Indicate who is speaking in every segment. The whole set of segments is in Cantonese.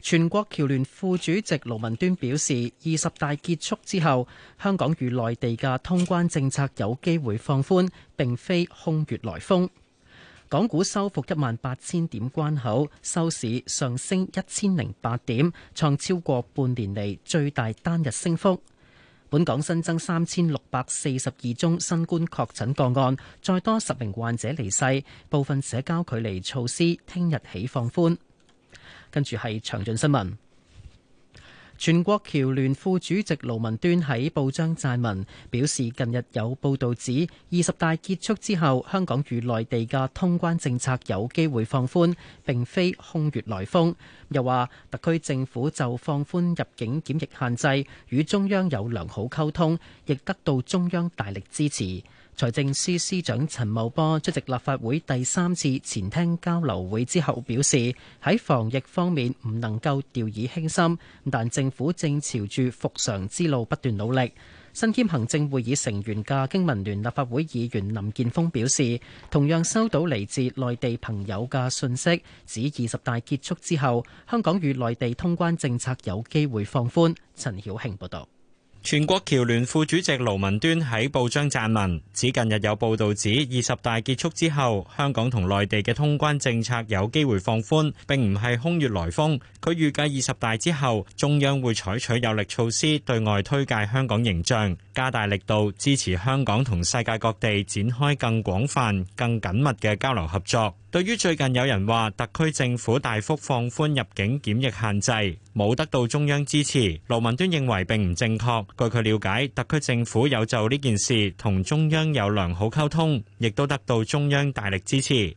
Speaker 1: 全國僑聯副主席盧文端表示，二十大結束之後，香港與內地嘅通關政策有機會放寬，並非空穴來風。港股收復一萬八千點關口，收市上升一千零八點，創超過半年嚟最大單日升幅。本港新增三千六百四十二宗新冠確診個案，再多十名患者離世，部分社交距離措施聽日起放寬。跟住係詳盡新聞，全國僑聯副主席盧文端喺報章撰文表示，近日有報道指二十大結束之後，香港與內地嘅通關政策有機會放寬，並非空穴來風。又話特區政府就放寬入境檢疫限制，與中央有良好溝通，亦得到中央大力支持。財政司司長陳茂波出席立法會第三次前廳交流會之後表示，喺防疫方面唔能夠掉以輕心，但政府正朝住復常之路不斷努力。身兼行政會議成員嘅經民聯立法會議員林健鋒表示，同樣收到嚟自內地朋友嘅信息，指二十大結束之後，香港與內地通關政策有機會放寬。陳曉慶報道。
Speaker 2: 全國僑聯副主席盧文端喺報章撰文，指近日有報道指二十大結束之後，香港同內地嘅通關政策有機會放寬，並唔係空穴來風。佢預計二十大之後，中央會採取有力措施對外推介香港形象，加大力度支持香港同世界各地展開更廣泛、更緊密嘅交流合作。對於最近有人話特區政府大幅放寬入境檢疫限制，冇得到中央支持，盧文端認為並唔正確。據佢了解，特區政府有就呢件事同中央有良好溝通，亦都得到中央大力支持。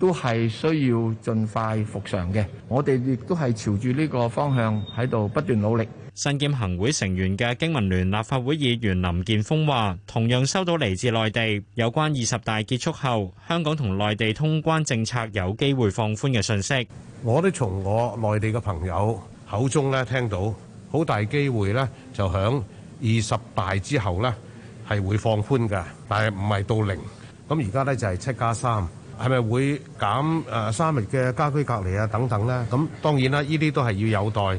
Speaker 2: 都係需要盡快復常嘅，我哋亦都係朝住呢個方向喺度不斷努力。身兼行會成員嘅經民聯立法會議員林健鋒話，同樣收到嚟自內地有關二十大結束後，香港同內地通關政策有機會放寬嘅信息。我都從我內地嘅
Speaker 3: 朋友口中呢，聽到，好大機會呢就響二十大之後呢係會放寬㗎，但係唔係到零。咁而家呢就係七加
Speaker 2: 三。係咪會減誒、呃、三日嘅家居隔離啊等等咧？咁當然啦，呢啲都係要有待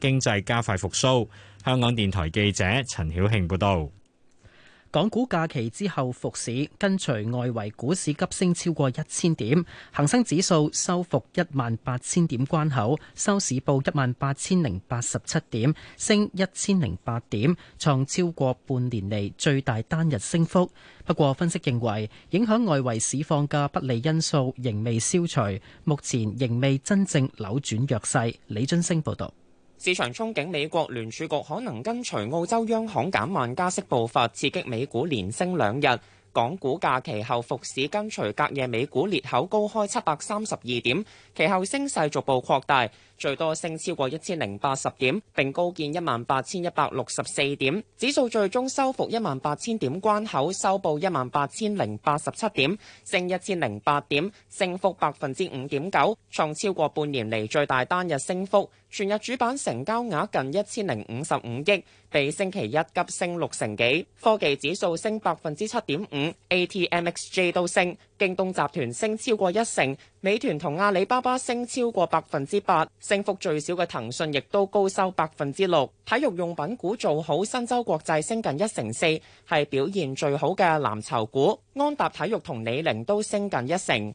Speaker 2: 經濟加快復甦。香港電台記者陳曉慶報道，
Speaker 1: 港股假期之後復市，跟隨外圍股市急升超過一千點，恒生指數收復一萬八千點關口，收市報一萬八千零八十七點，升一千零八點，創超過半年嚟最大單日升幅。不過，分析認為影響外圍市況嘅不利因素仍未消除，目前仍未真正扭轉弱勢。李津升報道。
Speaker 4: 市場憧憬美國聯儲局可能跟隨澳洲央行減慢加息步伐，刺激美股連升兩日。港股假期後復市，跟隨隔夜美股裂口高開七百三十二點，其後升勢逐步擴大。最多升超過一千零八十點，並高見一萬八千一百六十四點，指數最終收復一萬八千點關口，收報一萬八千零八十七點，升一千零八點，升幅百分之五點九，創超過半年嚟最大單日升幅。全日主板成交額近一千零五十五億，比星期一急升六成幾。科技指數升百分之七點五，ATMXG 都升，京東集團升超過一成，美團同阿里巴巴升超過百分之八。升幅最少嘅騰訊亦都高收百分之六，體育用品股做好，新洲國際升近一成四，係表現最好嘅藍籌股，安踏體育同李寧都升近一成。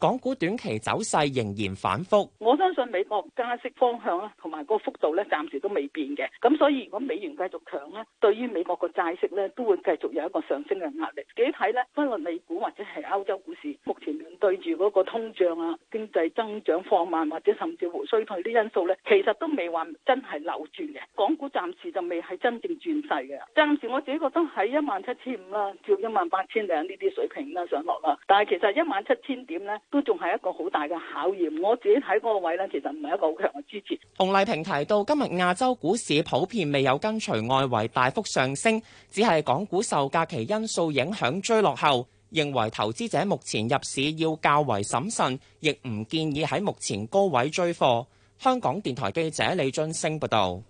Speaker 4: 港股短期走勢仍然反復，
Speaker 5: 我相信美國加息方向啦，同埋個幅度咧暫時都未變嘅。咁所以如果美元繼續強咧，對於美國個債息咧都會繼續有一個上升嘅壓力。自己睇咧，不論美股或者係歐洲股市，目前面對住嗰個通脹啊、經濟增長放慢或者甚至乎衰退啲因素咧，其實都未話真係扭轉嘅。港股暫時就未係真正轉勢嘅，暫時我自己覺得喺一萬七千五啦，至一萬八千零呢啲水平啦上落啦。但係其實一萬七千點咧。都仲係一個好大嘅考驗，我自己睇嗰個位呢，其實唔係
Speaker 6: 一個
Speaker 4: 好強嘅支持。洪麗萍提到，今日亞洲股市普遍未有跟隨外圍大幅上升，只係港股受假期因素影響追落後。認為投資者目前入市要較為審慎，亦唔建議喺目前高位追貨。香港電台記者李俊升報道。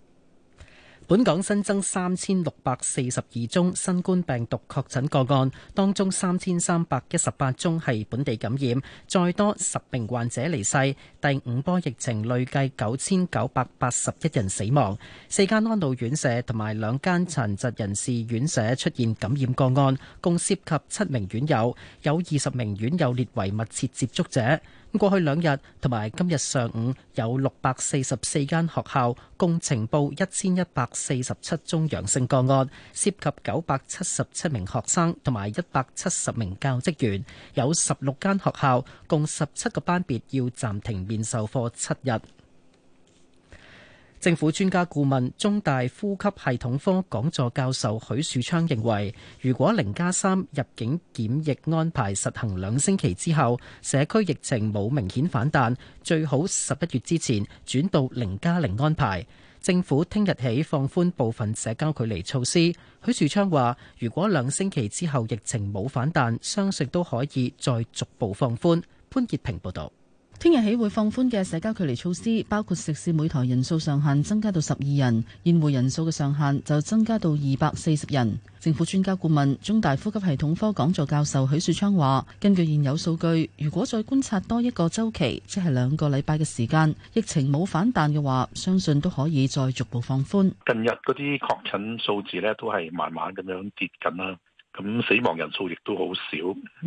Speaker 1: 本港新增三千六百四十二宗新冠病毒確診個案，當中三千三百一十八宗係本地感染，再多十名患者離世。第五波疫情累計九千九百八十一人死亡。四間安老院舍同埋兩間殘疾人士院舍出現感染個案，共涉及七名院友，有二十名院友列為密切接觸者。過去兩日同埋今日上午，有六百四十四間學校共呈報一千一百四十七宗陽性個案，涉及九百七十七名學生同埋一百七十名教職員，有十六間學校共十七個班別要暫停面授課七日。政府專家顧問、中大呼吸系統科講座教授許樹昌認為，如果零加三入境檢疫安排實行兩星期之後，社區疫情冇明顯反彈，最好十一月之前轉到零加零安排。政府聽日起放寬部分社交距離措施。許樹昌話：如果兩星期之後疫情冇反彈，相信都可以再逐步放寬。潘潔平報導。聽日起會放寬嘅社交距離措施，包括
Speaker 7: 食肆每枱人數上限增加到十二人，宴會人數嘅上限就增加到二百四十人。政府專家顧問、中大呼吸系統科講座教授許樹昌話，根據現有數據，如果再觀察多一個週期，即係兩個禮拜嘅時間，疫情冇反彈嘅話，相信都可以再逐步放寬。
Speaker 8: 近日嗰啲確診數字呢，都係慢慢咁樣跌緊啦。咁死亡人數亦都好少，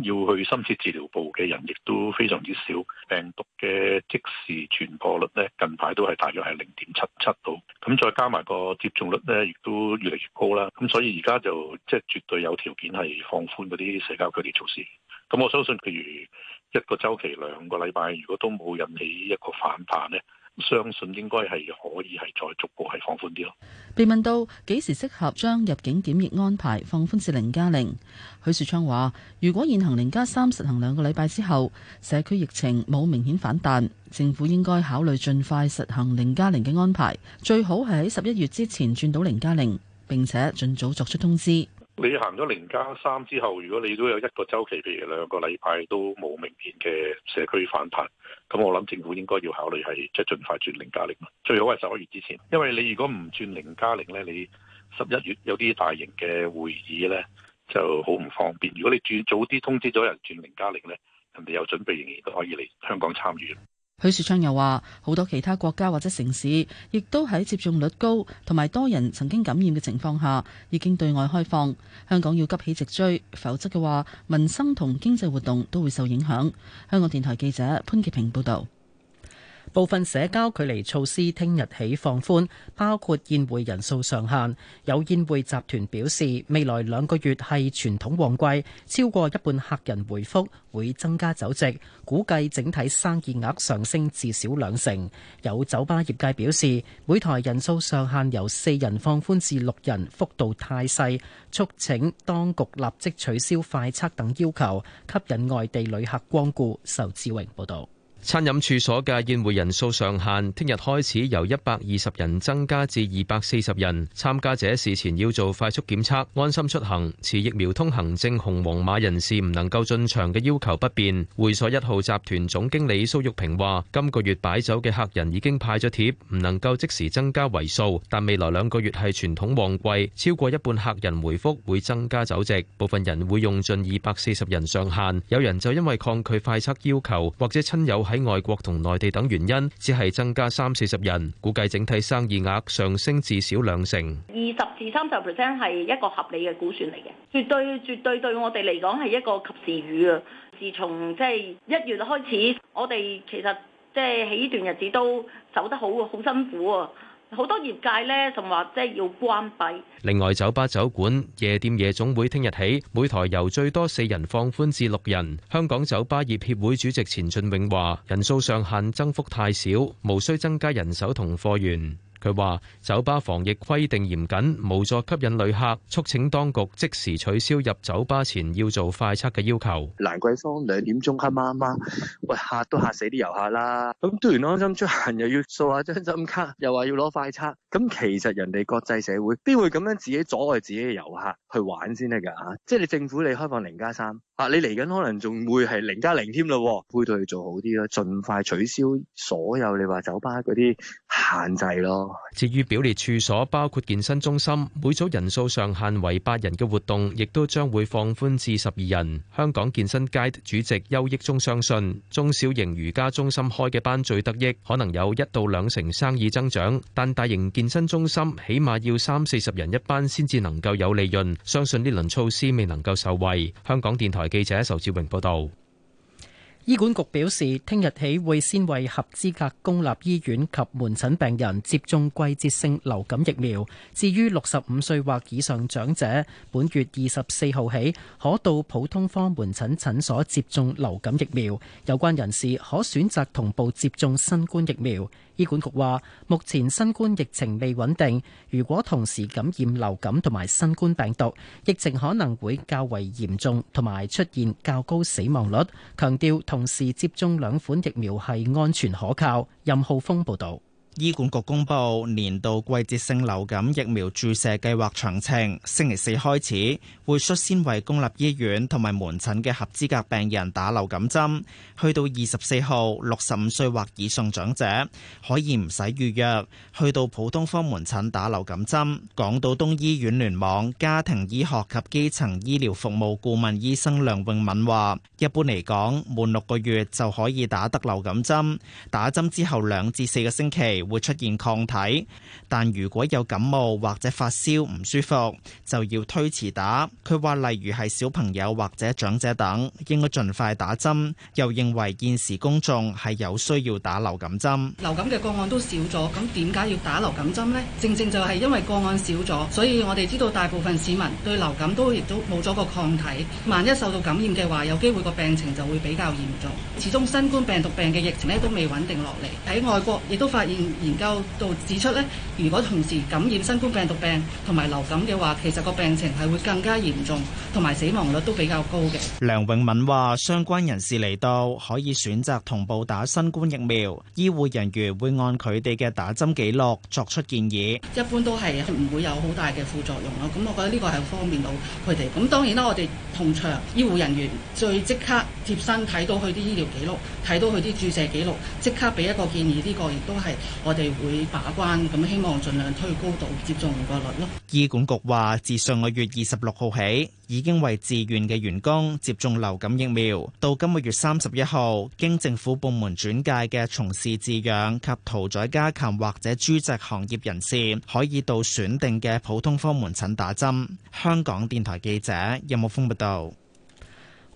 Speaker 8: 要去深切治療部嘅人亦都非常之少，病毒嘅即時傳播率咧近排都係大約係零點七七度，咁再加埋個接種率咧亦都越嚟越高啦，咁所以而家就即係、就是、絕對有條件係放寬嗰啲社交距離措施，咁我相信譬如一個週期兩個禮拜，如果都冇引起一個反彈咧。相信應該係可以係再逐步係放寬啲咯。
Speaker 7: 被問到幾時適合將入境檢疫安排放寬至零加零，0? 許樹昌話：如果現行零加三實行兩個禮拜之後，社區疫情冇明顯反彈，政府應該考慮盡快實行零加零嘅安排，最好係喺十一月之前轉到零加零，0, 並且盡早作出通知。
Speaker 8: 你行咗零加三之後，如果你都有一個週期，譬如兩個禮拜都冇明顯嘅社區反彈，咁我諗政府應該要考慮係即係盡快轉零加零啦。最好係十一月之前，因為你如果唔轉零加零咧，0, 你十一月有啲大型嘅會議呢就好唔方便。如果你轉早啲通知咗人轉零加零呢，0, 人哋有準備仍然都可以嚟香港參與。
Speaker 7: 許樹昌又話，好多其他國家或者城市，亦都喺接種率高同埋多人曾經感染嘅情況下，已經對外開放。香港要急起直追，否則嘅話，民生同經濟活動都會
Speaker 1: 受影響。香港電台記者潘潔平報道。部分社交距離措施聽日起放寬，包括宴會人數上限。有宴會集團表示，未來兩個月係傳統旺季，超過一半客人回覆會增加酒席，估計整體生意額上升至少兩成。有酒吧業界表示，每台人數上限由四人放寬至六人，幅度太細，促請當局立即取消快測等要求，吸引外地旅客光顧。仇志榮報導。
Speaker 9: 餐飲處所嘅宴會人數上限，聽日開始由一百二十人增加至二百四十人。參加者事前要做快速檢測、安心出行、持疫苗通行證。紅黃碼人士唔能夠進場嘅要求不變。會所一號集團總經理蘇玉平話，今個月擺酒嘅客人已經派咗帖，唔能夠即時增加圍數。但未來兩個月係傳統旺季，超過一半客人回覆會增加酒席，部分人會用盡二百四十人上限。有人就因為抗拒快測要求，或者親友喺。喺外國同內地等原因，只係增加三四十人，估計整體生意額上升至少兩成，
Speaker 10: 二十至三十 percent 係一
Speaker 5: 個合理嘅估算嚟嘅，絕對絕對對我哋嚟講係一個及時雨啊！自從即係一月開始，我哋其實即係喺呢段日子都走得好，好辛苦啊！好多業界呢，就話即係要關閉。
Speaker 9: 另外，酒吧、酒館、夜店、夜總會，聽日起每台由最多四人放寬至六人。香港酒吧業協會主席錢俊永話：人數上限增幅太少，無需增加人手同貨源。佢話：酒吧防疫規定嚴謹，無助吸引旅客，促請當局即時取消入酒吧前要做快測嘅要求。
Speaker 11: 蘭桂坊兩
Speaker 2: 點鐘黑麻麻，喂嚇都嚇死啲遊客啦！咁突然安心出行又要掃下張針卡，又話要攞快測，咁其實人哋國際社會邊會咁樣自己阻礙自己嘅遊客去玩先得㗎？嚇、啊！即係你政府，你開放零加三。啊！你嚟緊可能仲會係零加零添咯，配套要做好啲咯，盡快取消所有你話酒吧嗰啲限制咯。
Speaker 9: 至於表列處所，包括健身中心，每組人數上限為八人嘅活動，亦都將會放寬至十二人。香港健身界主席邱益中相信，中小型瑜伽中心開嘅班最得益，可能有一到兩成生意增長。但大型健身中心起碼要三四十人一班先至能夠有利潤，相信呢輪措施未能夠受惠。香港電台。記者仇志榮報道，
Speaker 1: 醫管局表示，聽日起會先為合資格公立醫院及門診病人接種季節性流感疫苗。至於六十五歲或以上長者，本月二十四號起可到普通科門診診所接種流感疫苗。有關人士可選擇同步接種新冠疫苗。醫管局話，目前新冠疫情未穩定，如果同時感染流感同埋新冠病毒，疫情可能會較為嚴重，同埋出現較高死亡率。強調同時接種兩款疫苗係安全可靠。任浩峰報道。
Speaker 11: 醫管局公布年度季節性流感疫苗注射計劃詳情，星期四開始會率先為公立醫院同埋門診嘅合資格病人打流感針，去到二十四號，六十五歲或以上長者可以唔使預約去到普通科門診打流感針。港島東醫院聯網家庭醫學及基層醫療服務顧問醫生梁永敏話，一般嚟講，滿六個月就可以打得流感針，打針之後兩至四個星期。會出現抗體，但如果有感冒或者發燒唔舒服，就要推遲打。佢話例如係小朋友或者長者等，應該盡快打針。又認為現時公眾係有需要打流感針。
Speaker 7: 流感嘅個案都少咗，咁點解要打流感針咧？正正就係因為個案少咗，所以我哋知道大部分市民對流感都亦都冇咗個抗體。萬一受到感染嘅話，有機會個病情就會比較嚴重。始終新冠病毒病嘅疫情咧都未穩定落嚟，喺外國亦都發現。研究到指出咧，如果同時感染新冠病毒病同埋流感嘅話，其實個病情係會更加嚴重，同埋死亡率都比較高嘅。
Speaker 11: 梁永敏話相關人士嚟到，可以選擇同步打新冠疫苗。醫護人員會按佢哋嘅打針記錄作出建議，
Speaker 7: 一般都係唔會有好大嘅副作用咯。咁我覺得呢個係方便到佢哋。咁當然啦，我哋同場醫護人員最即刻貼身睇到佢啲醫療記錄，睇到佢啲注射記錄，即刻俾一個建議，呢個亦都係。我哋會把關，咁希望盡量推高到接種個
Speaker 11: 率咯。醫管局話，自上個月二十六號起，已經為自願嘅員工接種流感疫苗。到今個月三十一號，經政府部門轉介嘅從事飼養及屠宰家禽或者豬隻行業人士，可以到選定嘅普通科門診打針。
Speaker 1: 香港電台記者任武峯報道。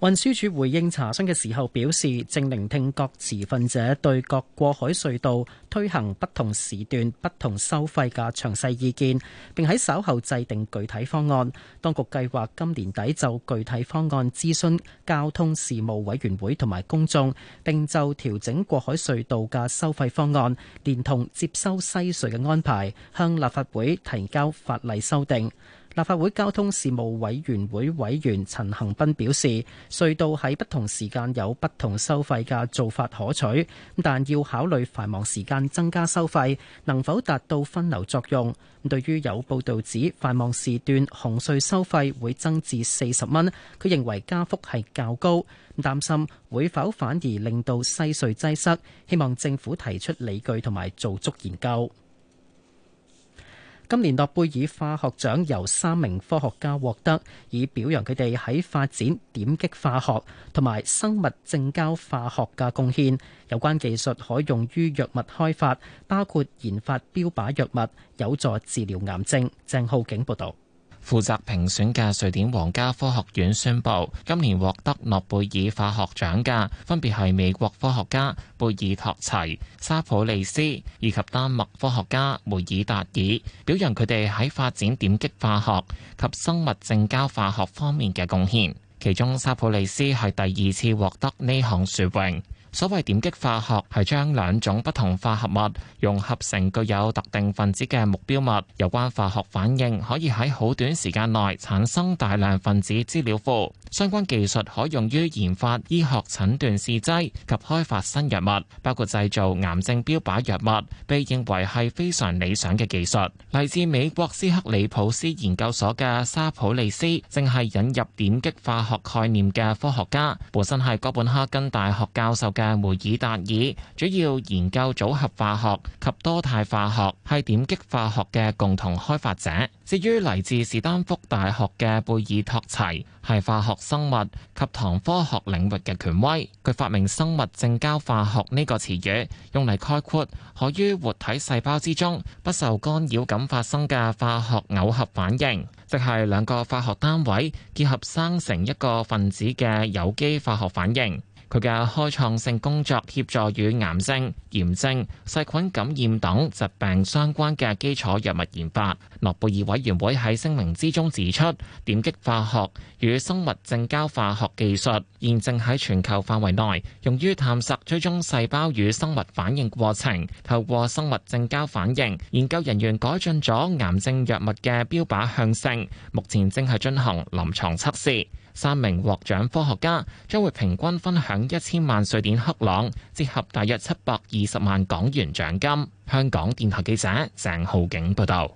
Speaker 1: 運輸署回應查詢嘅時候表示，正聆聽各持份者對各過海隧道推行不同時段、不同收費嘅詳細意見，並喺稍後制定具體方案。當局計劃今年底就具體方案諮詢交通事務委員會同埋公眾，並就調整過海隧道嘅收費方案，連同接收西隧嘅安排，向立法會提交法例修訂。立法會交通事務委員會委員陳恒斌表示，隧道喺不同時間有不同收費嘅做法可取，但要考慮繁忙時間增加收費能否達到分流作用。對於有報道指繁忙時段紅隧收費會增至四十蚊，佢認為加幅係較高，擔心會否反而令到西隧擠塞。希望政府提出理據同埋做足研究。今年諾貝爾化學獎由三名科學家獲得，以表揚佢哋喺發展點擊化學同埋生物正交化學嘅貢獻。有關技術可用於藥物開發，包括研發標靶藥物，有助治療癌症。鄭浩景報導。負責評
Speaker 12: 選嘅瑞典皇家科學院宣布，今年獲得諾貝爾化學獎嘅分別係美國科學家貝爾托齊、沙普利斯以及丹麥科學家梅爾達爾，表揚佢哋喺發展點擊化學及生物正交化學方面嘅貢獻。其中，沙普利斯係第二次獲得呢項殊榮。所謂點擊化學，係將兩種不同化合物融合成具有特定分子嘅目標物。有關化學反應可以喺好短時間內產生大量分子資料庫。相關技術可用於研發醫學診斷試劑及開發新藥物，包括製造癌症標靶藥物，被認為係非常理想嘅技術。嚟自美國斯克里普斯研究所嘅沙普利斯，正係引入點擊化學概念嘅科學家，本身係哥本哈根大學教授。嘅梅爾達爾主要研究組合化學及多肽化學，係點擊化學嘅共同開發者。至於嚟自史丹福大學嘅貝爾托齊，係化學生物及糖科學領域嘅權威。佢發明生物正交化學呢個詞語，用嚟概括：可於活體細胞之中不受干擾咁發生嘅化學偶合反應，即係兩個化學單位結合生成一個分子嘅有機化學反應。佢嘅開創性工作協助與癌症、炎症、細菌感染等疾病相關嘅基礎藥物研發。諾貝爾委員會喺聲明之中指出，點擊化學與生物正交化學技術現正喺全球範圍內用於探索追蹤細胞與生物反應過程。透過生物正交反應，研究人員改進咗癌症藥物嘅標靶向性，目前正係進行臨床測試。三名獲獎科學家將會平均分享一千萬瑞典克朗，折合大約七百二十萬港元獎金。香港
Speaker 1: 電台記者鄭浩景報道。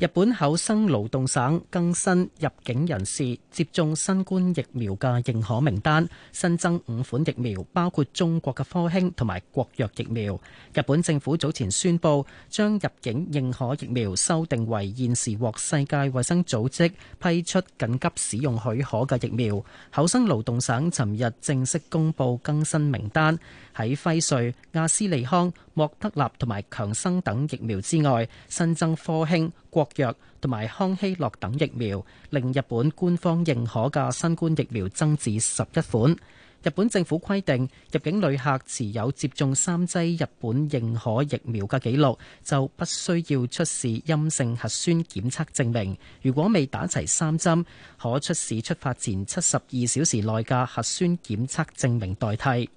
Speaker 1: 日本厚生勞動省更新入境人士接種新冠疫苗嘅認可名單，新增五款疫苗，包括中國嘅科興同埋國藥疫苗。日本政府早前宣布將入境認可疫苗修訂為現時獲世界衛生組織批出緊急使用許可嘅疫苗。厚生勞動省尋日正式公布更新名單。喺輝瑞、阿斯利康、莫德納同埋強生等疫苗之外，新增科興、國藥同埋康希諾等疫苗，令日本官方認可嘅新冠疫苗增至十一款。日本政府規定，入境旅客持有接種三劑日本認可疫苗嘅記錄，就不需要出示陰性核酸檢測證明。如果未打齊三針，可出示出發前七十二小時內嘅核酸檢測證明代替。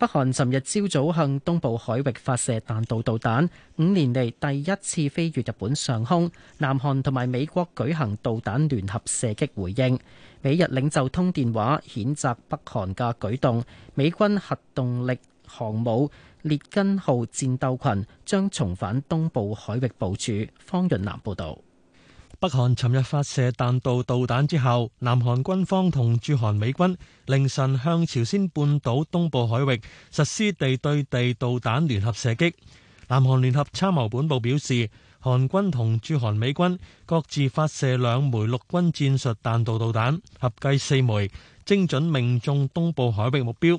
Speaker 1: 北韓尋日朝早向東部海域發射彈道導彈，五年嚟第一次飛越日本上空。南韓同埋美國舉行導彈聯合射擊回應。美日領袖通電話譴責北韓嘅舉動。美軍核動力航母列根號戰鬥群將重返東部海域部署。方潤南報導。
Speaker 13: 北韓尋日發射彈道導彈之後，南韓軍方同駐韓美軍凌晨向朝鮮半島東部海域實施地對地導彈聯合射擊。南韓聯合參謀本部表示，韓軍同駐韓美軍各自發射兩枚陸軍戰術彈道導彈，合計四枚，精準命中東部海域目標。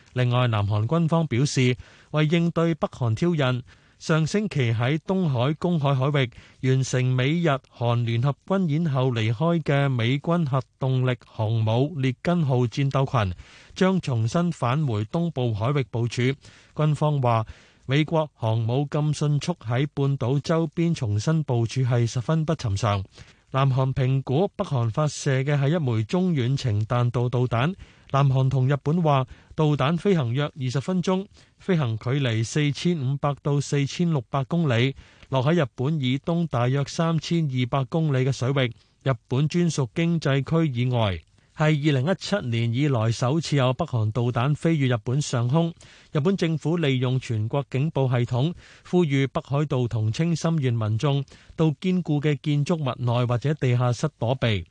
Speaker 13: 另外，南韓軍方表示，為應對北韓挑釁，上星期喺東海公海海域完成美日韓聯合軍演後離開嘅美軍核動力航母列根號戰鬥群，將重新返回東部海域部署。軍方話，美國航母咁迅速喺半島周邊重新部署係十分不尋常。南韓評估北韓發射嘅係一枚中遠程彈道導彈。南韓同日本話導彈飛行約二十分鐘，飛行距離四千五百到四千六百公里，落喺日本以東大約三千二百公里嘅水域，日本專屬經濟區以外，係二零一七年以來首次有北韓導彈飛越日本上空。日本政府利用全國警報系統，呼籲北海道同青森縣民眾到堅固嘅建築物內或者地下室躲避。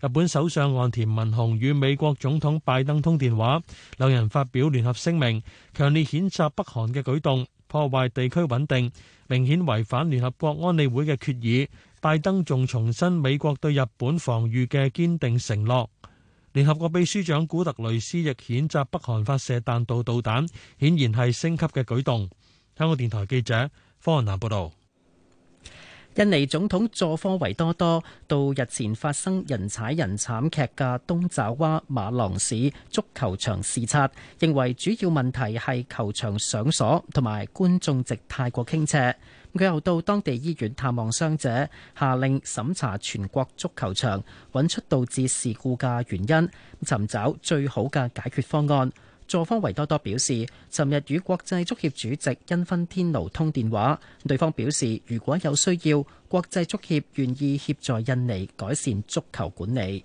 Speaker 13: 日本首相岸田文雄與美國總統拜登通電話，兩人發表聯合聲明，強烈譴責北韓嘅舉動破壞地區穩定，明顯違反聯合國安理會嘅決議，拜登仲重申美國對日本防御嘅堅定承諾，聯合國秘書長古特雷斯亦譴責北韓發射彈道導彈，顯然係升級嘅舉動，香港電台記者方雲南報道。
Speaker 1: 印尼總統佐科維多多到日前發生人踩人慘劇嘅東爪哇馬郎市足球場視察，認為主要問題係球場上鎖同埋觀眾席太過傾斜。佢又到當地醫院探望傷者，下令審查全國足球場，揾出導致事故嘅原因，尋找最好嘅解決方案。佐科維多多表示，尋日與國際足協主席因芬天奴通電話，對方表示如果有需要，國際足協願意協助印尼改善足球管理。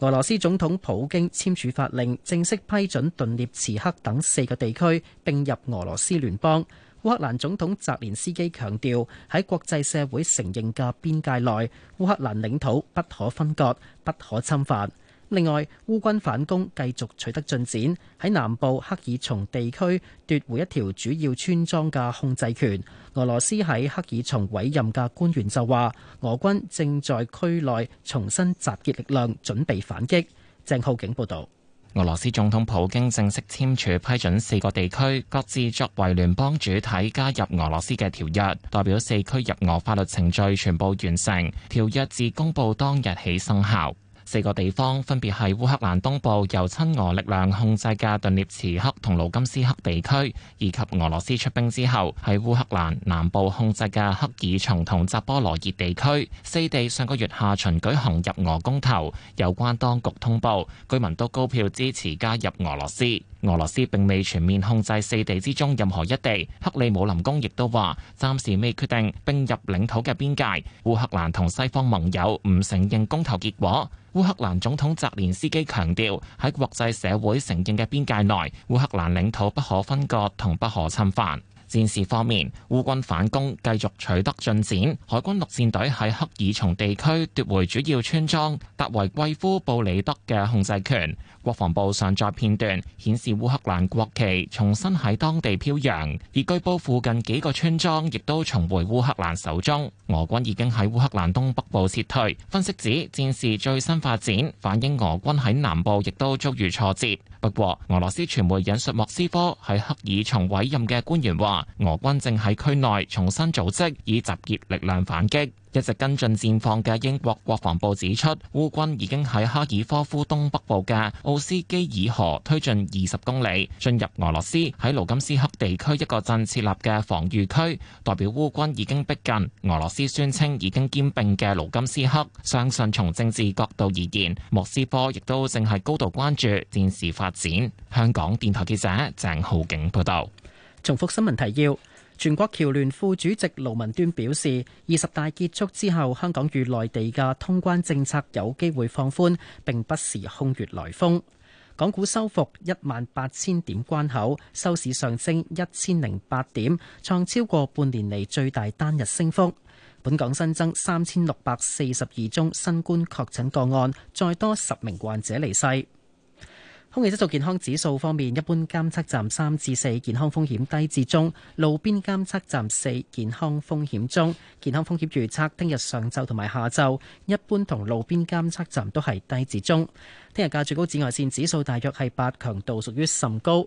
Speaker 1: 俄羅斯總統普京簽署法令，正式批准頓涅茨克等四個地區並入俄羅斯聯邦。烏克蘭總統澤連斯基強調，喺國際社會承認嘅邊界內，烏克蘭領土不可分割、不可侵犯。另外，烏軍反攻繼續取得進展，喺南部赫爾松地區奪回一條主要村莊嘅控制權。俄羅斯喺赫爾松委任嘅官員就話，俄軍正在區內重新集結力量，準備反擊。鄭浩景報導。
Speaker 12: 俄羅斯總統普京正式簽署批准四個地區各自作為聯邦主體加入俄羅斯嘅條約，代表四區入俄法律程序全部完成。條約自公布當日起生效。四個地方分別係烏克蘭東部由親俄力量控制嘅頓涅茨克同盧甘斯克地區，以及俄羅斯出兵之後喺烏克蘭南部控制嘅克爾松同扎波羅熱地區。四地上個月下旬舉行入俄公投，有關當局通報居民都高票支持加入俄羅斯。俄羅斯並未全面控制四地之中任何一地。克里姆林宮亦都話暫時未決定並入領土嘅邊界。烏克蘭同西方盟友唔承認公投結果。烏克蘭總統澤連斯基強調喺國際社會承認嘅邊界內，烏克蘭領土不可分割同不可侵犯。戰事方面，烏軍反攻繼續取得進展，海軍陸戰隊喺赫爾松地區奪回主要村莊達維季夫布里德嘅控制權。國防部上載片段顯示烏克蘭國旗重新喺當地飄揚，而據報附近幾個村莊亦都重回烏克蘭手中。俄軍已經喺烏克蘭東北部撤退，分析指戰事最新發展反映俄軍喺南部亦都遭遇挫折。不過，俄羅斯傳媒引述莫斯科喺克爾松委任嘅官員話，俄軍正喺區內重新組織，以集結力量反擊。一直跟進戰況嘅英國國防部指出，烏軍已經喺哈爾科夫東北部嘅奧斯基爾河推進二十公里，進入俄羅斯喺盧甘斯克地區一個鎮設立嘅防禦區，代表烏軍已經逼近俄羅斯宣稱已經兼併嘅盧甘斯克。相信從政治角度而言，莫斯科亦都正係高度關注戰事發展。香港電台記者
Speaker 1: 鄭浩景報道。重複新聞提要。全國僑聯副主席盧文端表示，二十大結束之後，香港與內地嘅通關政策有機會放寬，並不是空穴來風。港股收復一萬八千點關口，收市上升一千零八點，創超過半年嚟最大單日升幅。本港新增三千六百四十二宗新冠確診個案，再多十名患者離世。空氣質素健康指數方面，一般監測站三至四，健康風險低至中；路邊監測站四，健康風險中。健康風險預測，聽日上晝同埋下晝，一般同路邊監測站都係低至中。聽日嘅最高紫外線指數大約係八，強度屬於甚高。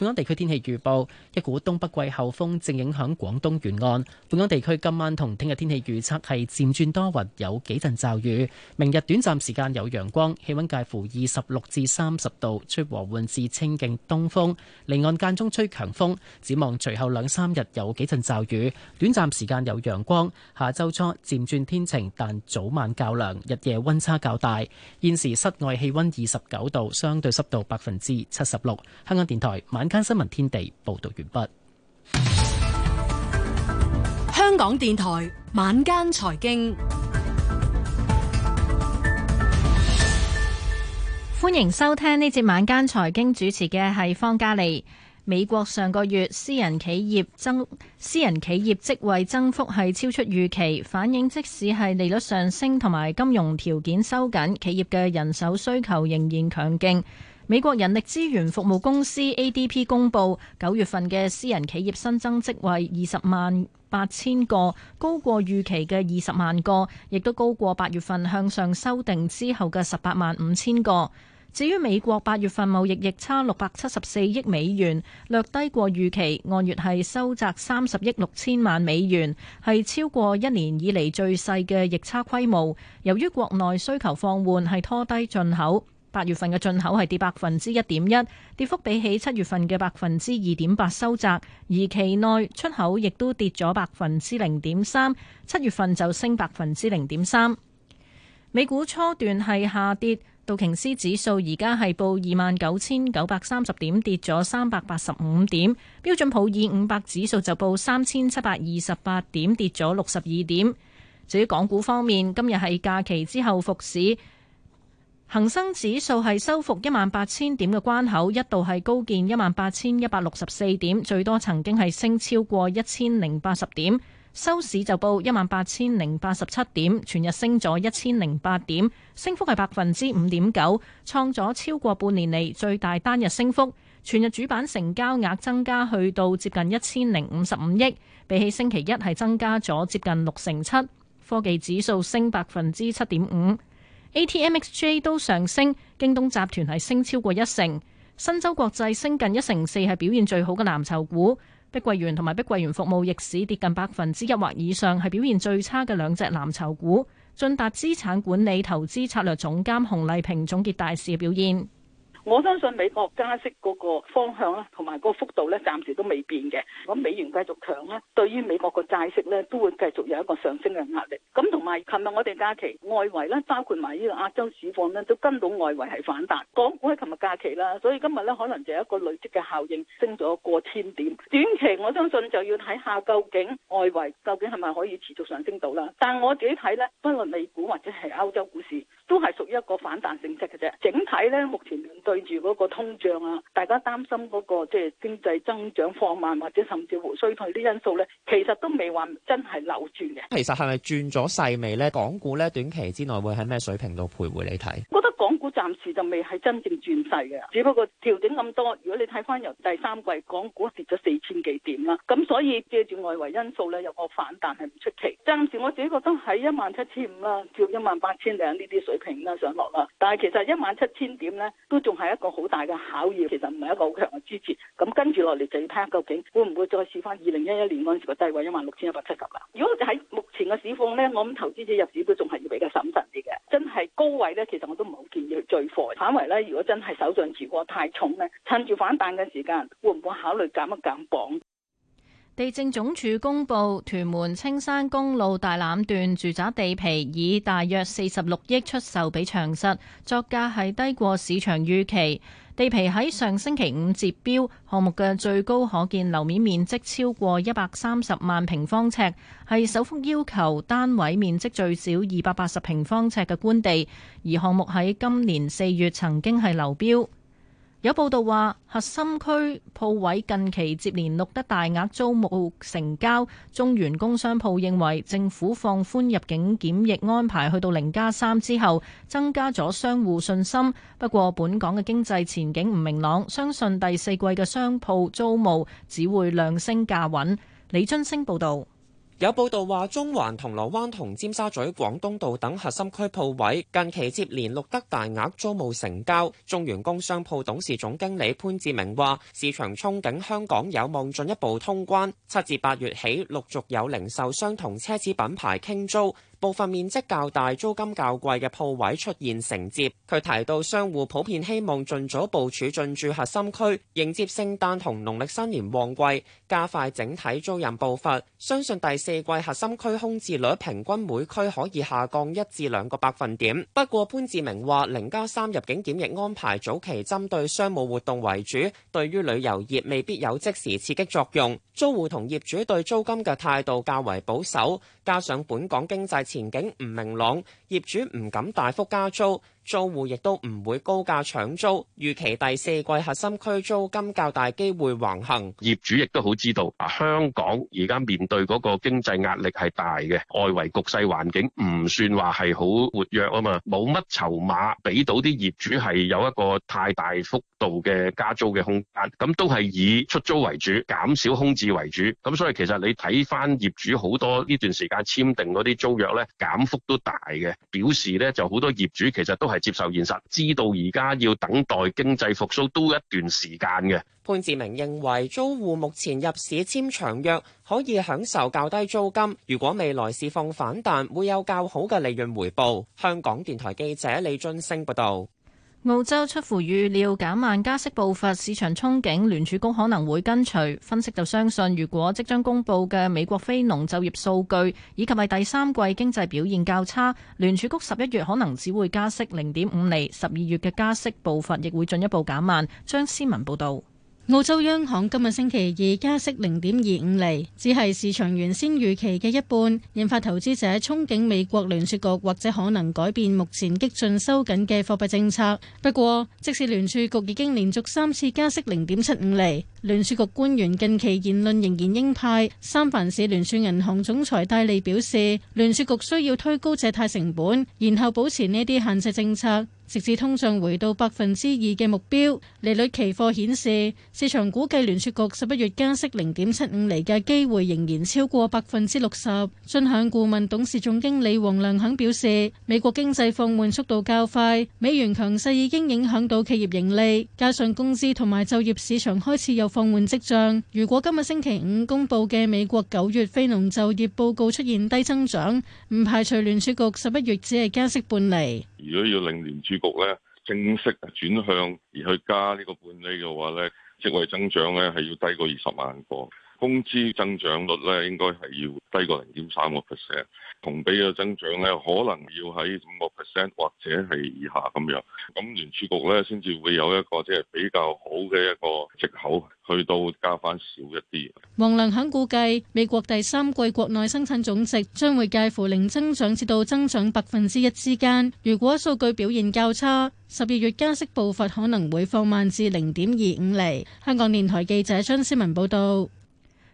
Speaker 1: 本港地區天氣預報：一股東北季候風正影響廣東沿岸。本港地區今晚同聽日天氣預測係漸轉多雲，有幾陣驟雨。明日短暫時間有陽光，氣溫介乎二十六至三十度，吹和緩至清勁東風，離岸間中吹強風。展望隨後兩三日有幾陣驟雨，短暫時間有陽光。下周初漸轉天晴，但早晚較涼，日夜溫差較大。現時室外氣溫二十九度，相對濕度百分之七十六。香港電台晚間新聞天地報道完畢。
Speaker 7: 香港
Speaker 10: 電台晚間財經，歡迎收聽呢節晚間財經，主持嘅係方嘉利。美國上個月私人企業增私人企業職位增幅係超出預期，反映即使係利率上升同埋金融條件收緊，企業嘅人手需求仍然強勁。美國人力資源服務公司 ADP 公佈九月份嘅私人企業新增職位二十萬八千個，高過預期嘅二十萬個，亦都高過八月份向上修訂之後嘅十八萬五千個。至於美國八月份貿易逆差六百七十四億美元，略低過預期，按月係收窄三十億六千萬美元，係超過一年以嚟最細嘅逆差規模。由於國內需求放緩，係拖低進口。八月份嘅進口係跌百分之一點一，跌幅比起七月份嘅百分之二點八收窄，而期內出口亦都跌咗百分之零點三，七月份就升百分之零點三。美股初段係下跌，道瓊斯指數而家係報二萬九千九百三十點，跌咗三百八十五點；標準普爾五百指數就報三千七百二十八點，跌咗六十二點。至於港股方面，今日係假期之後復市。恒生指數係收復一萬八千點嘅關口，一度係高見一萬八千一百六十四點，最多曾經係升超過一千零八十點，收市就報一萬八千零八十七點，全日升咗一千零八點，升幅係百分之五點九，創咗超過半年嚟最大單日升幅。全日主板成交額增加去到接近一千零五十五億，比起星期一係增加咗接近六成七。科技指數升百分之七點五。ATMXJ 都上升，京東集團係升超過一成，新洲國際升近一成四係表現最好嘅藍籌股，碧桂園同埋碧桂園服務逆市跌近百分之一或以上係表現最差嘅兩隻藍籌股。晉達資產管理投資策略總監洪麗萍總結大市嘅表現。
Speaker 5: 我相信美國加息嗰個方向咧，同埋嗰個幅度咧，暫時都未變嘅。咁美元繼續強咧，對於美國個債息咧，都會繼續有一個上升嘅壓力。咁同埋，琴日我哋假期外圍咧，包括埋呢個亞洲市況咧，都跟到外圍係反彈。港股喺琴日假期啦，所以今日咧，可能就有一個累積嘅效應，升咗過千點。短期我相信就要睇下究竟外圍究竟係咪可以持續上升到啦。但我自己睇咧，不論美股或者係歐洲股市。都係屬於一個反彈性質嘅啫。整體咧，目前面對住嗰個通脹啊，大家擔心嗰、那個即係、就是、經濟增長放慢或者甚至乎衰退啲因素咧，其實都未話真係扭轉嘅。其實係
Speaker 4: 咪轉咗勢未咧？港股咧，短期之內會喺咩水平度徘徊你？你睇，
Speaker 5: 覺得港。股暫時就未係真正轉勢嘅，只不過調整咁多。如果你睇翻由第三季港股跌咗四千幾點啦，咁所以借住外圍因素咧，有個反彈係唔出奇。暫時我自己覺得喺一萬七千五啦，至一萬八千兩呢啲水平啦上落啦。但係其實一萬七千點咧都仲係一個好大嘅考驗，其實唔係一個好強嘅支持。咁跟住落嚟就要睇下究竟會唔會再試翻二零一一年嗰陣時個低位一萬六千一百七十啦。如果喺目前嘅市況咧，我諗投資者入市都仲係要比較審慎啲嘅。真係高位咧，其實我都唔好見。要追貨，反為咧，如果真係手上持股太重咧，趁住反彈嘅時間，會唔會考慮減一減磅？
Speaker 10: 地政總署公布，屯門青山公路大欖段住宅地皮以大約四十六億出售俾長實作價係低過市場預期。地皮喺上星期五截標，項目嘅最高可見樓面面積超過一百三十萬平方尺，係首幅要求單位面積最少二百八十平方尺嘅官地，而項目喺今年四月曾經係流標。有報道話，核心區鋪位近期接連錄得大額租務成交。中原工商鋪認為，政府放寬入境檢疫安排去到零加三之後，增加咗商戶信心。不過，本港嘅經濟前景唔明朗，相信第四季嘅商鋪租務只會量升價穩。李津升報道。
Speaker 4: 有報道話，中環銅鑼灣同尖沙咀廣東道等核心區鋪位近期接連錄得大額租務成交。中原工商鋪董事總經理潘志明話：市場憧憬香港有望進一步通關，七至八月起陸續有零售商同奢侈品牌傾租。部分面積較大，租金較貴嘅鋪位出現承接。佢提到商戶普遍希望盡早部署進駐核心區，迎接聖誕同農曆新年旺季，加快整體租賃步伐。相信第四季核心區空置率平均每區可以下降一至兩個百分點。不過潘志明話，零加三入境檢疫安排早期針對商務活動為主，對於旅遊業未必有即時刺激作用。租戶同業主對租金嘅態度較為保守，加上本港經濟。前景唔明朗，業主唔敢大幅加租。租戶亦都唔會高價搶租，預期第四季核心區租金較大機會橫行。
Speaker 2: 業主亦都好知道，啊香港而家面對嗰個經濟壓力係大嘅，外圍局勢環境唔算話係好活躍啊嘛，冇乜籌碼俾到啲業主係有一個太大幅度嘅加租嘅空間，咁都係以出租為主，減少空置為主。咁所以其實你睇翻業主好多呢段時間簽訂嗰啲租約咧，減幅都大嘅，表示咧就好多業主其實都。係接受現實，知道而家要等待經濟復甦都一段時間嘅。
Speaker 4: 潘志明認為租戶目前入市簽長約，可以享受較低租金，如果未來市況反彈，會有較好嘅利潤回報。香港電台記者李津升報道。
Speaker 10: 澳洲出乎預料減慢加息步伐，市場憧憬聯儲局可能會跟隨。分析就相信，如果即將公佈嘅美國非農就業數據以及係第三季經濟表現較差，聯儲局十一月可能只會加息零點五
Speaker 6: 厘，十二月嘅加息步伐亦會進一步減慢。張思文報導。澳洲央行今日星期二加息零點二五厘，只係市場原先預期嘅一半，引發投資者憧憬美國聯儲局或者可能改變目前激進收緊嘅貨幣政策。不過，即使聯儲局已經連續三次加息零點七五厘，聯儲局官員近期言論仍然鷹派。三藩市聯儲銀行總裁戴利表示，聯儲局需要推高借貸成本，然後保持呢啲限制政策。直至通脹回到百分之二嘅目標，利率期貨顯示市場估計聯儲局十一月加息零點七五厘嘅機會仍然超過百分之六十。信響顧問董事總經理黃亮肯表示，美國經濟放緩速度較快，美元強勢已經影響到企業盈利，加上工資同埋就業市場開始有放緩跡象。如果今日星期五公布嘅美國九月非農就業報告出現低增長，唔排除聯儲局十一月只係加息半厘。
Speaker 8: 如果要令聯儲局咧正式轉向而去加呢個管理嘅話咧，職位增長咧係要低過二十萬個。工資增長率咧，應該係要低過零點三個 percent，同比嘅增長咧，可能要喺五個 percent 或者係以下咁樣。咁聯儲局咧，先至會有一個即係比較好嘅一個藉口，去到加翻少一啲。
Speaker 6: 黃良肯估計，美國第三季國內生產總值將會介乎零增長至到增長百分之一之間。如果數據表現較差，十二月加息步伐可能會放慢至零點二五厘。香港電台記者張思文報道。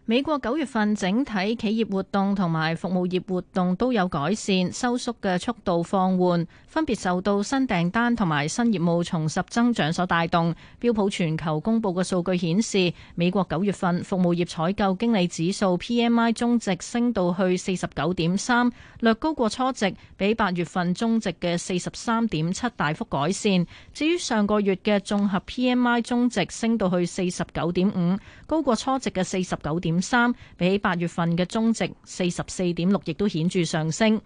Speaker 6: 美國九月份整體企業活動同埋服務
Speaker 10: 業活動都有改善，收縮嘅速度放緩，分別受到新訂單同埋新業務重拾增長所帶動。標普全球公佈嘅數據顯示，美國九月份服務業採購經理指數 PMI 終值升到去四十九點三，略高過初值，比八月份終值嘅四十三點七大幅改善。至於上個月嘅綜合 PMI 終值升到去四十九點五，高過初值嘅四十九點三比起八月份嘅中值四十四點六，亦都顯著上升。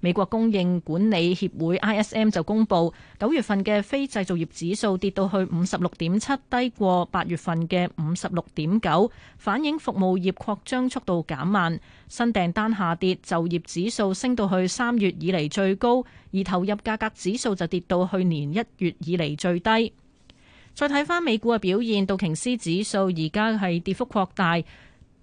Speaker 10: 美國供應管理協會 ISM 就公布九月份嘅非製造業指數跌到去五十六點七，低過八月份嘅五十六點九，反映服務業擴張速度減慢。新訂單下跌，就業指數升到去三月以嚟最高，而投入價格指數就跌到去年一月以嚟最低。再睇翻美股嘅表現，道瓊斯指數而家係跌幅擴大。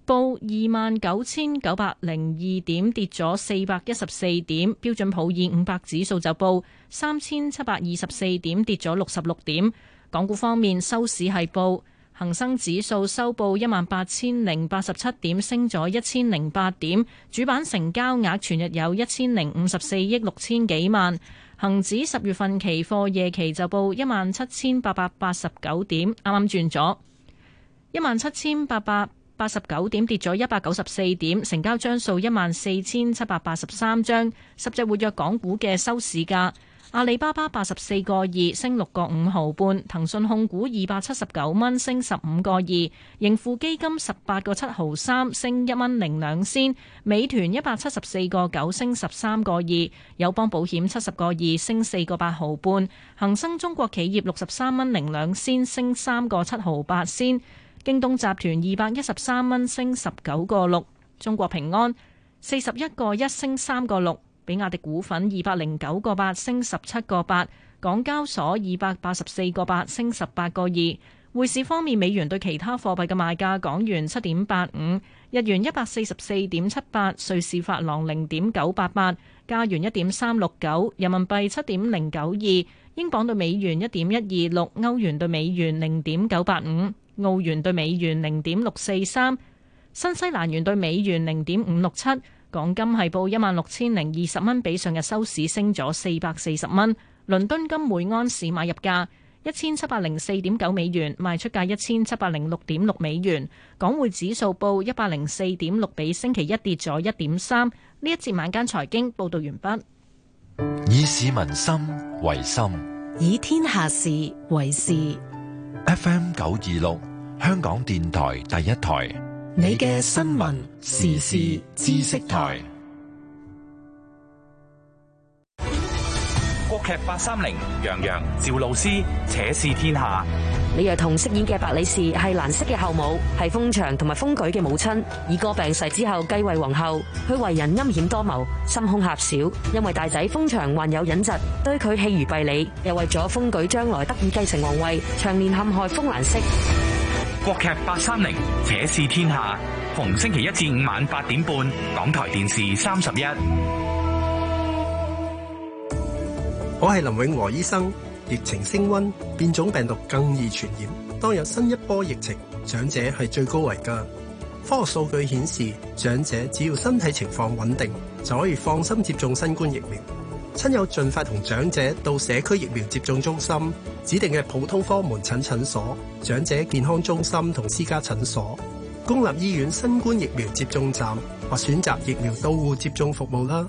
Speaker 10: 報二萬九千九百零二點，跌咗四百一十四點。標準普爾五百指數就報三千七百二十四點，跌咗六十六點。港股方面收市係報恒生指數收報一萬八千零八十七點，升咗一千零八點。主板成交額全日有一千零五十四億六千幾萬。恒指十月份期貨夜期就報一萬七千八百八十九點，啱啱轉咗一萬七千八百。17, 八十九點，跌咗一百九十四點，成交張數一萬四千七百八十三張。十隻活躍港股嘅收市價：阿里巴巴八十四個二升六個五毫半，騰訊控股二百七十九蚊升十五個二，盈富基金十八個七毫三升一蚊零兩仙，美團一百七十四個九升十三個二，友邦保險七十個二升四個八毫半，恒生中國企業六十三蚊零兩仙升三個七毫八仙。京東集團二百一十三蚊升十九個六，中國平安四十一個一升三個六，比亞迪股份二百零九個八升十七個八，港交所二百八十四個八升十八個二。匯市方面，美元對其他貨幣嘅賣價：港元七點八五，日元一百四十四點七八，瑞士法郎零點九八八，加元一點三六九，人民幣七點零九二，英鎊對美元一點一二六，歐元對美元零點九八五。澳元兌美元零點六四三，新西蘭元兌美元零點五六七，港金係報一萬六千零二十蚊，比上日收市升咗四百四十蚊。倫敦金每安士買入價一千七百零四點九美元，賣出價一千七百零六點六美元。港匯指數報一百零四點六，比星期一跌咗一點三。呢一節晚間財經報道完畢。
Speaker 8: 以市民心為心，
Speaker 6: 以天下事為事。
Speaker 8: FM 九二六，香港電
Speaker 2: 台第一台，
Speaker 6: 你嘅新聞時事知識台，
Speaker 13: 國劇八三零，楊洋、趙老師，且視天下。
Speaker 6: 李若彤飾演嘅白李氏係蘭色嘅後母，係封長同埋封舉嘅母親。二哥病逝之後繼位皇后，佢為人陰險多謀，心胸狹小。因為大仔封長患有隱疾，對佢棄如敝屣，又為咗封舉將來得以繼承皇位，長年陷害封蘭色。
Speaker 13: 國劇八
Speaker 4: 三零，且試天下，逢星期一至五晚八點半，港台電視三十一。我係林永和醫生。
Speaker 2: 疫情升溫，變種病毒更易傳染。當有新一波疫情，長者係最高危噶。科學數據顯示，長者只要身體情況穩定，
Speaker 4: 就可以放心接種新冠疫苗。親友盡快同長者到社區疫苗接種中心、指定嘅普通科門診診所、長者健康中心同私家診所、公立醫院新冠疫苗接種站或選擇疫苗到戶接種
Speaker 8: 服務啦。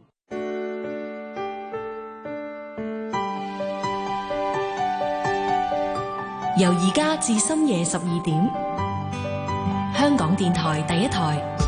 Speaker 10: 由而家至深夜十二點，香港電台第一台。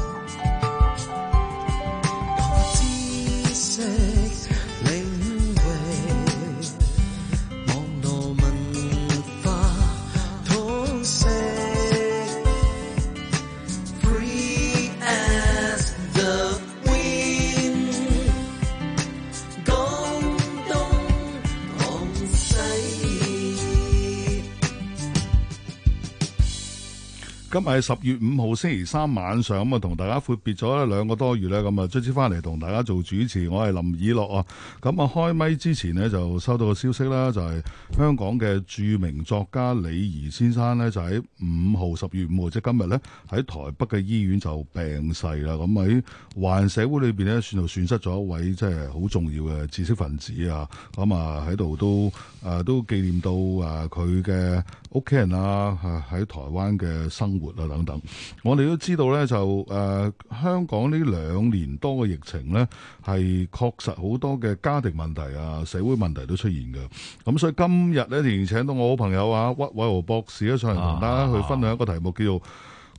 Speaker 3: 今日係十月五號星期三晚上，咁啊同大家闊別咗兩個多月咧，咁啊追翻嚟，同大家做主持，我係林以樂啊。咁啊開咪之前呢，就收到個消息啦，就係、是、香港嘅著名作家李怡先生呢，就喺五號十月五號即今日呢，喺台北嘅醫院就病逝啦。咁喺華人社會裏邊呢，算就損失咗一位即係好重要嘅知識分子啊。咁啊喺度都誒都紀念到誒佢嘅屋企人啊，喺台灣嘅生活。活啊等等，我哋都知道咧，就誒、呃、香港呢兩年多嘅疫情咧，係確實好多嘅家庭問題啊、社會問題都出現嘅。咁、啊、所以今日咧，仍然請到我好朋友啊屈偉豪博士咧、啊、上嚟同大家去分享一個題目，叫做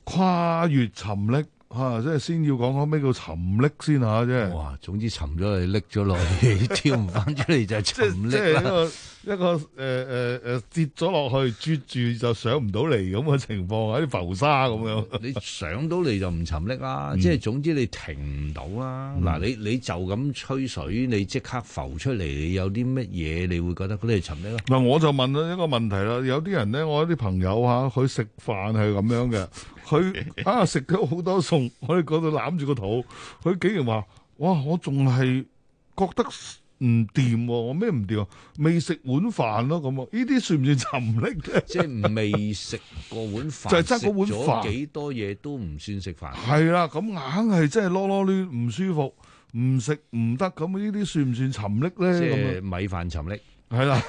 Speaker 3: 跨越沉溺。啊！即係先要講講咩叫沉溺先吓、啊，即係哇！總之沉咗你，嚟，溺咗落、 呃呃、去，跳唔翻出嚟就係沉溺。即係一個一個誒誒誒跌咗落去，啜住就上唔到嚟咁嘅情況，喺啲浮沙咁樣。你上到嚟就唔沉溺啦，即係總之你停唔到啦。嗱、嗯，你你就咁吹水，你即刻浮出嚟，你有啲乜嘢，你會覺得嗰啲係沉溺咯。嗱、嗯，我就問咗一個問題啦，有啲人咧，我有啲朋友吓，佢食飯係咁樣嘅。 佢啊食咗好多餸，我哋嗰度攬住個肚，佢竟然話：哇！我仲係覺得唔掂喎，我咩唔掂啊？未食碗飯咯，咁啊？呢啲算唔算沉溺咧？即係未食過碗飯， 就係執嗰碗飯，食咗幾多嘢都唔算食飯。係啦，咁硬係真係囉囉攣唔舒服，唔食唔得，咁呢啲算唔算沉溺咧？即係米飯沉溺。係啦，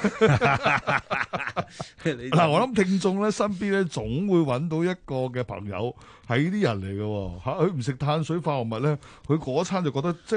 Speaker 3: 嗱，我諗聽眾咧，身邊咧，總會揾到一個嘅朋友係呢啲人嚟嘅，吓，佢唔食碳水化合物咧，佢嗰餐就覺得即